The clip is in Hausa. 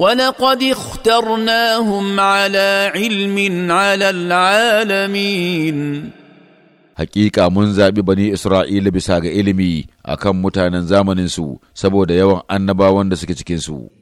ولقد اخترناهم على علم على العالمين Hakika mun zaɓi bani Isra'ila bisa ga ilimi a kan mutanen zamaninsu saboda yawan annabawan da suke cikinsu.